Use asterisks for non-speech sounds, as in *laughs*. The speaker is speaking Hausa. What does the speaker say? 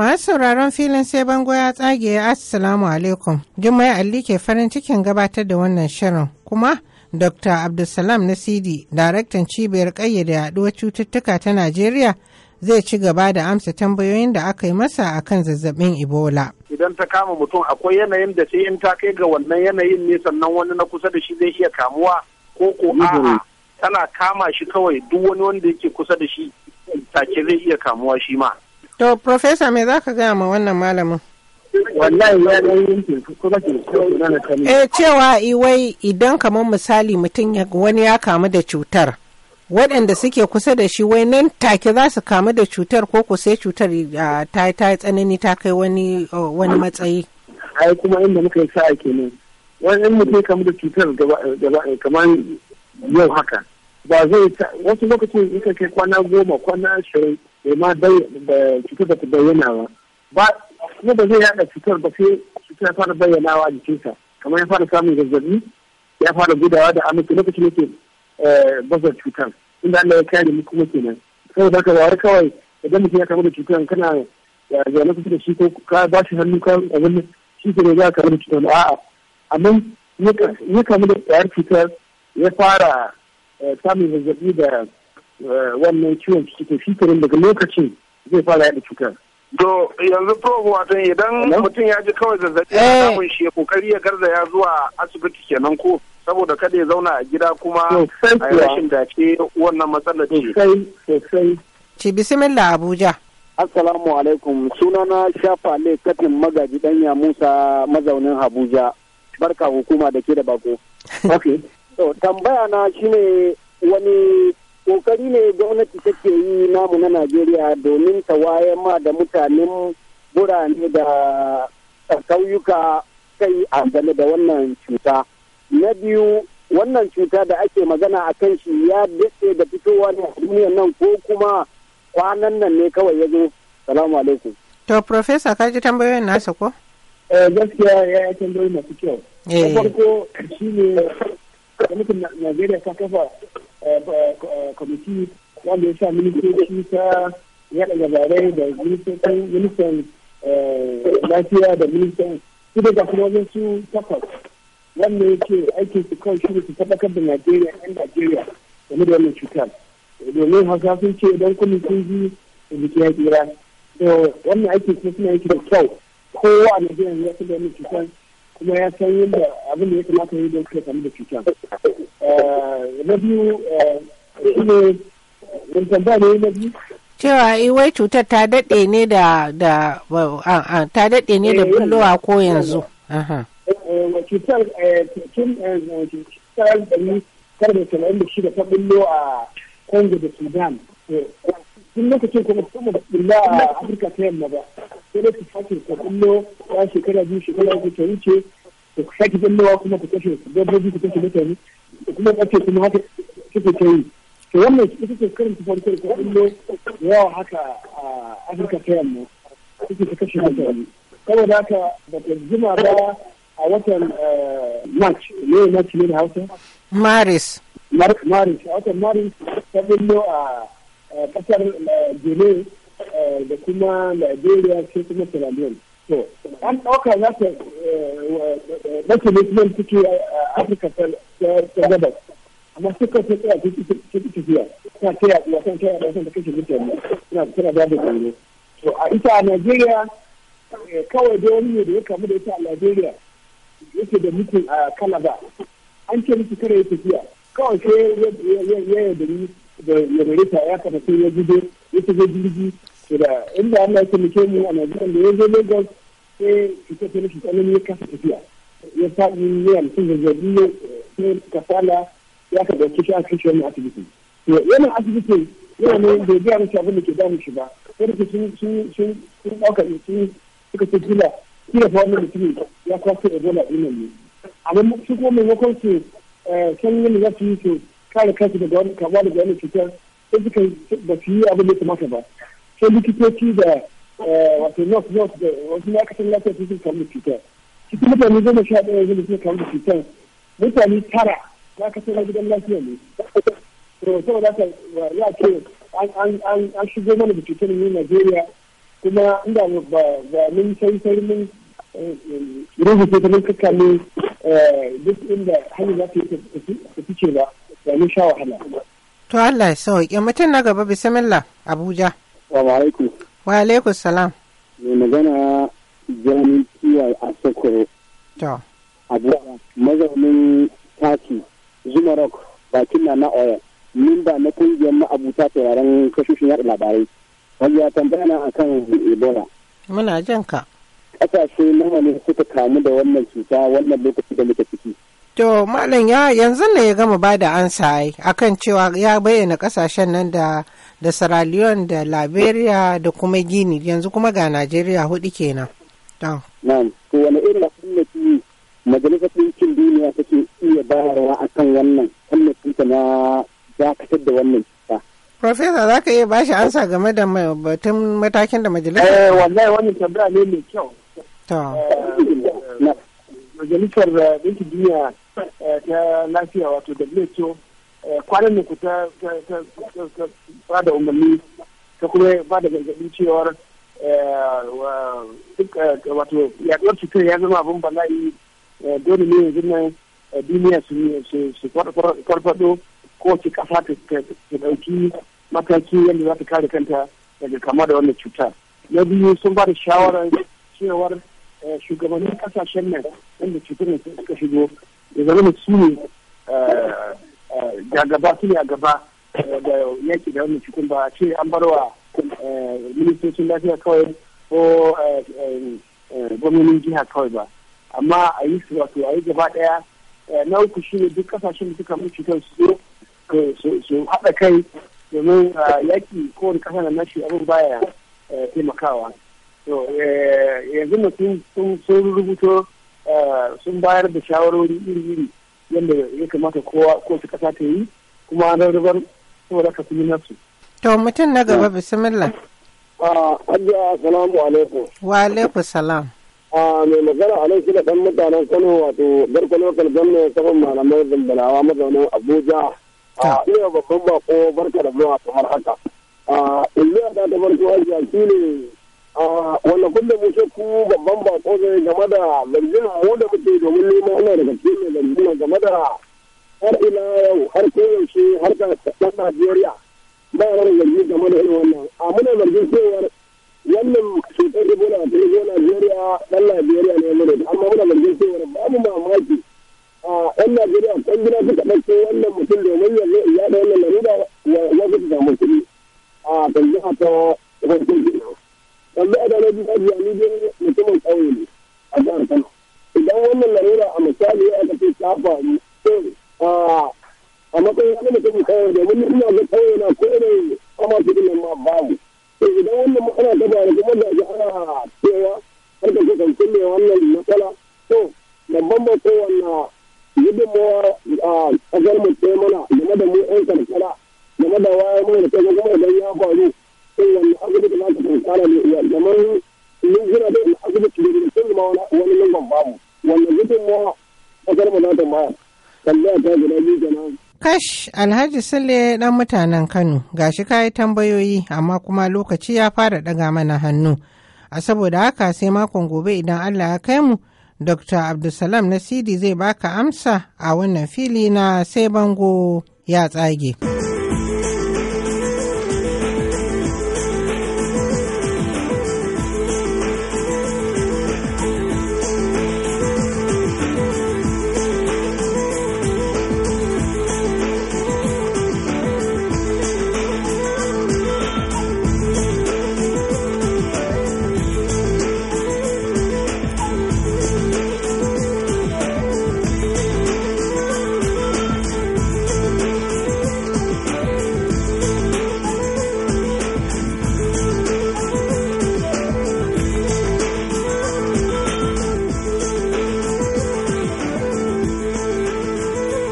Masu sauraron filin sai bango ya tsage Assalamu alaikum. Jummai Alli ke farin cikin gabatar da wannan shirin kuma Dr. Abdulsalam Nasidi, daraktan cibiyar ƙayyade yaduwar cututtuka ta Najeriya, zai ci gaba da amsa tambayoyin da aka yi masa akan zazzabin Ebola. Idan ta kama mutum akwai yanayin da sai in ta kai ga wannan yanayin ne sannan wani na kusa da shi zai iya kamuwa ko ko a'a mm-hmm. tana kama shi kawai duk wani wanda yake kusa da shi take zai iya kamuwa shi ma. To, Profesa, me za ka gaya ma wannan malamin? Wallahi ya ɗan yankin kuma ke Eh, cewa iwai idan kamar misali mutum wani ya kamu da cutar, waɗanda suke kusa da shi wai nan take za su kamu da cutar ko ku sai cutar ta yi tsanani ta kai wani oh, wani matsayi. Ai kuma inda muka yi sa'a kenan. Wani in mutum kamu da cutar gaba kamar yau haka. Ba zai wasu lokacin yakan kai kwana goma kwana ashirin bai ma cutar da ta bayyana ba ba kuma ba zai yada cutar ba sai cutar ya fara bayyanawa a jikinsa kamar ya fara samun zazzabi ya fara gudawa da amince lokacin yake eh, bazar cutar inda Allah ya kare mu kuma kenan saboda haka ba kawai idan mutum ya kamu da cutar kana zaune kusa da shi ko ka ba shi hannu ka abin shi ke ne za ka kamu da cutar a'a amma ya kamu da cutar ya fara eh, samun zazzabi da Eh, wannan ciwon ciki ke shi daga lokacin zai fara yaɗa cutar. Do yanzu prof watan idan mutum ya ji kawai zazzabi ya samun eh. shi ya kokari ya garzaya zuwa asibiti kenan ko saboda kada ya zauna a gida kuma a rashin dace wannan matsalar ce. Sosai Ci bisimila Abuja. Assalamu alaikum sunana shafa ne katin magaji danya Musa mazaunin Abuja. Barka hukuma da ke da bako. *laughs* Okay. tambaya na shine wani kokari ne gwamnati take yi namu na najeriya domin ta wayar ma da mutanen burane da kauyuka kai a game da wannan cuta na biyu wannan cuta da ake magana a kan shi ya dace da fitowa ne a duniyar nan ko kuma kwanan nan ne kawai ya zo salamu alaikum to professor ka ji tambayoyin nasa ko eh gaskiya ya yi tambayoyi masu kyau eh. na farko shine gwamnatin najeriya ta kafa Eh, eh, kwamiti wanda ya sa ministoci ta yada labarai da ministan eh, lafiya da ministan su daga kuma wasu takwas wanda ya ce aikin su kawai shi su tabbatar da najeriya yan najeriya game da wannan cutar domin hausa sun ce idan kuma sun ji jiki ya tsira to aiki aikin kuma suna yake da kyau kowa a najeriya ya san da kuma ya san yadda abin da ya kamata ya yi don suka samu da cutar Eh, na biyu eh, ne mun tambaya ne na biyu cewa iwai eh, cutar ta daɗe ne da da ta daɗe ne da bullowa ko yanzu cutar tun cutar ɗari tara da saba'in da shida ta bullo a congo da sudan tun lokacin kuma su kuma bullo a afirka ta yamma ba sai da su tufafin ta bullo ya shekara biyu shekara uku ta wuce ta sake bullowa kuma ku kashe dabbobi ku kashe mutane kuma kace kuma haka kike ta yi to wannan ita ce karin ta farko ko illo yawa haka a Afirka ta yamma kike ta kashe mutane saboda haka da ta jima ba a watan eh, March ne March ne da Hausa Maris Maris a watan Maris ta billo a kasar Benin eh, eh, da kuma Nigeria sai kuma Sierra Leone to an ɗauka za ta mace ne kuma suke Afirka ta ta gabas amma sai kawai tsaya ta ci tafiya suna ta yaduwa kan ta yaduwa kan ta kashe mutane suna suna ba da tsoro to a ita a najeriya eh, kawai da wani ne da ya kamu da ita a najeriya yake da mutu a kalaba an ce miki kare ya tafiya kawai sai ya yadari da yadari ta ya kama sai ya gudu ya tafi jirgi da inda Allah ya taimake mu a Najeriya da ya zo Lagos sai ita ta mishi tsanani ya kasa tafiya ya faɗi ne hamsin da zazzabi cikin kasala ya ka dauki shi a kashe wani asibiti yana asibiti yana ne bai biya mishi abin da ke damu shi ba ko da sun sun sun sun ɗauka sun suka ce kila kila fa wannan mutum ya kwaso ebola ɗin ne amma su kuma maimakon su eh, san yin za su yi su kare kansu daga wani kamuwa da wani cutar sai suka ba su yi abin da ya kamata ba sai likitoci da eh, wato north north da wasu ma'aikatan lafiya sun kamu da cutar cikin mutane goma sha ɗaya yanzu da suka kamu da cutar mutane tara ya kace na gidan lafiya ne rahoton da ta ya ce an shigo mana da cutar ne Najeriya kuma inda ba mun sai sai mun eh, eh, rubuta ta mun kaka ne eh, duk inda hanyar za ta yi fice ba ba mun sha wahala. To Allah ya sauƙi mutum na gaba bisimila Abuja. Wa alaikum. Wa alaikum salam. Mai magana jami'ai a sokoro. To. abuwa mazaunin taki zuma rock bakin na oil mimba na kungiyar ta yaren kashushin yaɗa labarai wanda ya tambaya na akan ebola muna jan ka ƙasashe nawa ne suka kamu da wannan cuta wannan lokacin da muke ciki to malam ya yanzu ne ya gama bada ansa ai akan cewa ya bayyana kasashen nan da da Sierra da Liberia da kuma Guinea yanzu kuma ga Najeriya hudu kenan. Na'am, to wani irin asibiti majalisar ɗinkin duniya take iya bayarwa a kan wannan tallafinta na dakatar da wannan cuta. Profesa za ka iya ba shi ansa game da batun matakin da majalisar? Eh wallahi wannan tambaya ne mai kyau. Eh, majalisar eh, ɗinkin duniya eh, ta lafiya wato WHO kwanan ne ku ta ba da umarni ta kuma ba da gargaɗin cewar wato yaduwar cutar ya zama abin bala'i Eh, dole ne yanzu nan eh, duniya su farfado kowace kasa ta dauki mataki yadda za ta kare kanta daga kama da wannan cuta na biyu sun ba da shawarar cewar eh, shugabannin kasashen nan inda cutar suka shigo da zama su ne gaba su ne a gaba da yaki da wannan cutar ba a ce an barwa ministocin lafiya kawai ko gwamnonin jiha kawai ba amma a yi su wato a yi gaba daya eh, na uku ne duk kasashen da suka mutu kan su su haɗa kai domin eh, yaki kowane kasa na nashi abin baya eh, taimakawa yanzu mutum sun rubuto sun bayar da shawarwari iri-iri yadda ya kamata kowa ko su kasa ta yi kuma an rarrabar saboda ka fi nasu. to mutum na gaba bismillah. Ah, salamu alaikum. Wa alaikum salam. a mai magana a nan da dan mutanen kano wato garko lokal gwamna saman malamai zambalawa mazaunin abuja a iya babban bako barka da zuwa kamar haka a iliya da ta barci hajiya shi ne a wanda kullum mu ku babban bako zai game da zargin mu da muke domin neman ana daga cikin zargin game da har ila yau har koyaushe har ka ɗan najeriya ba a rana zargin game da irin wannan a muna zargin cewar wannan cutar ebola ta yi zo najeriya dan najeriya ne mu da amma muna zargin cewa mu mamaki a ɗan najeriya ɗan gida suka ɗauko wannan mutum domin ya ya da wannan larura wasu su samu kuɗi a kan a ta farkon jiha yanzu a dalar jiha jiya ni dai mutumin ƙauye ne a jihar kano idan wannan larura a misali ya aka ce ta faru a matsayin wani mutum ƙauye domin ina ga ƙauye na ko ne kama su ɗin ma babu idan wannan matsala ta faru kuma da ga ana cewa har da kan kulle wannan matsala to babban ba kowanne gudunmawa a kasar mu ce mana game da mu yan karkara game da wayar mai da kai kuma idan ya faru to wani asibiti na ka karkara ne iya kamar mun gina da asibiti da mutum ma wani lungun babu wannan gudunmawa kasar mu na ta bayar tambaya ta guda biyu kenan Kash Alhaji Sule ɗan mutanen Kano ga gashi kayi tambayoyi amma kuma lokaci ya fara ɗaga mana hannu. A saboda haka sai makon gobe idan Allah ya kai mu, Dr. Abdulsalam Nasidi zai baka amsa a wannan fili na sai bango ya tsage.